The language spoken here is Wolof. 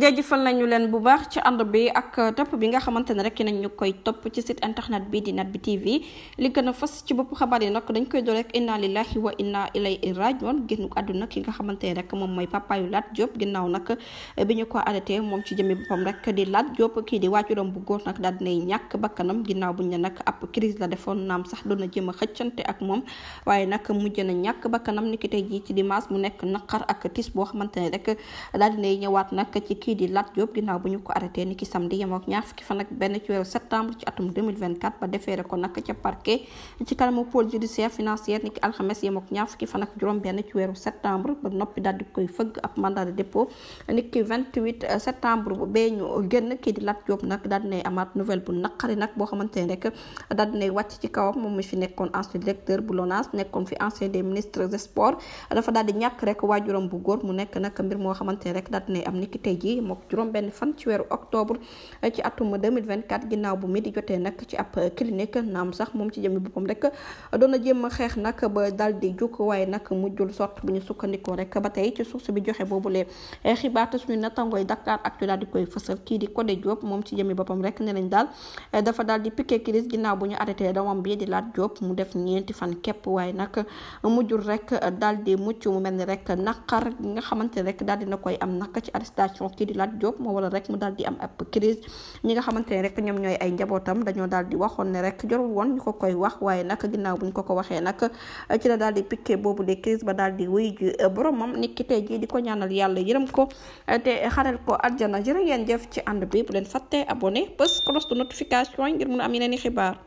jaajëfal nañu leen bu baax ci ànd bi ak topp bi nga xamante ne rek nañ ñu koy topp ci site internet bi di Net Bi TV li gën fas ci bopp xabaar yi nag dañ koy doon rek inna lillahi wa inna ilayhi rajiun génn àdduna ki nga xamante ne rek moom mooy papa yu Lat Diop ginnaaw nag bi ñu ko arrêté moom ci jëmmi boppam rek di Lat Diop kii di waajuram bu góor nag daal dinay ñàkk bakkanam ginnaaw buñ ne nag ab crise la defoon naam sax doon na jëm a xëccante ak moom waaye nag mujj na ñàkk bakkanam ni ki tey jii ci dimanche bu nekk naqar ak tis boo xamante ne rek daal nay ñëwaat nag ci kii di Lat Diop ginnaaw bu ñu ko arrêté ni ki samedi yemoo ak ñaar fukki benn ci weeru septembre ci atum 2024 ba defeere ko nag ci kanamu pôle septembre bee ñu génn kii di Lat Diop nag daal dinay amaat nouvelle bu naqari nag boo xamante rek daal dinay ci kawam moom mi fi nekkoon ancien directeur bu LONASE nekkoon fi ancien des ministres des sports dafa ñàkk rek waajuram bu góor mu nekk nag mbir moo xamante rek daal am ni tey gi mook juróom-benn fan ci weeru octobre eh, ci atum 2024 ginnaaw bu di jotee nag ci ab clinique naam sax moom ci jëmmi boppam rek doona na a xeex nag ba daal di jukk waaye nag mujjul sot bu ñu sukkandikoo rek ba tey ci source bi joxe boobulee eh, xibaar te suñu nattangooy Dakar Actu daal di koy fësal kii di Codé Diop moom ci jëmmi boppam rek ne nañ daal eh, dafa daal di piqué crise ginnaaw bu ñu arrêté doomam bi di laat Diop mu def ñeenti fan képp waaye nag mujjul rek daal di mucc mu mel ni rek naqar nga xamante rek daal dina koy am nag ci arrestation kii di Lat Diop moo wala rek mu daal di am ab crise ñi nga xamante rek ñoom ñooy ay njabootam dañoo daal waxoon rek jorul woon ñu ko koy wax waaye nag ginnaaw buñ ko ko waxee nag ci la daal boobu de crise ba daal di wuy ji boromam nit jii di ko ñaanal yàlla yërëm ko te ko àjjana jërë ngeen jëf ci ànd bi bu leen a abonné bés cloche de notification ngir mun a am i xibaar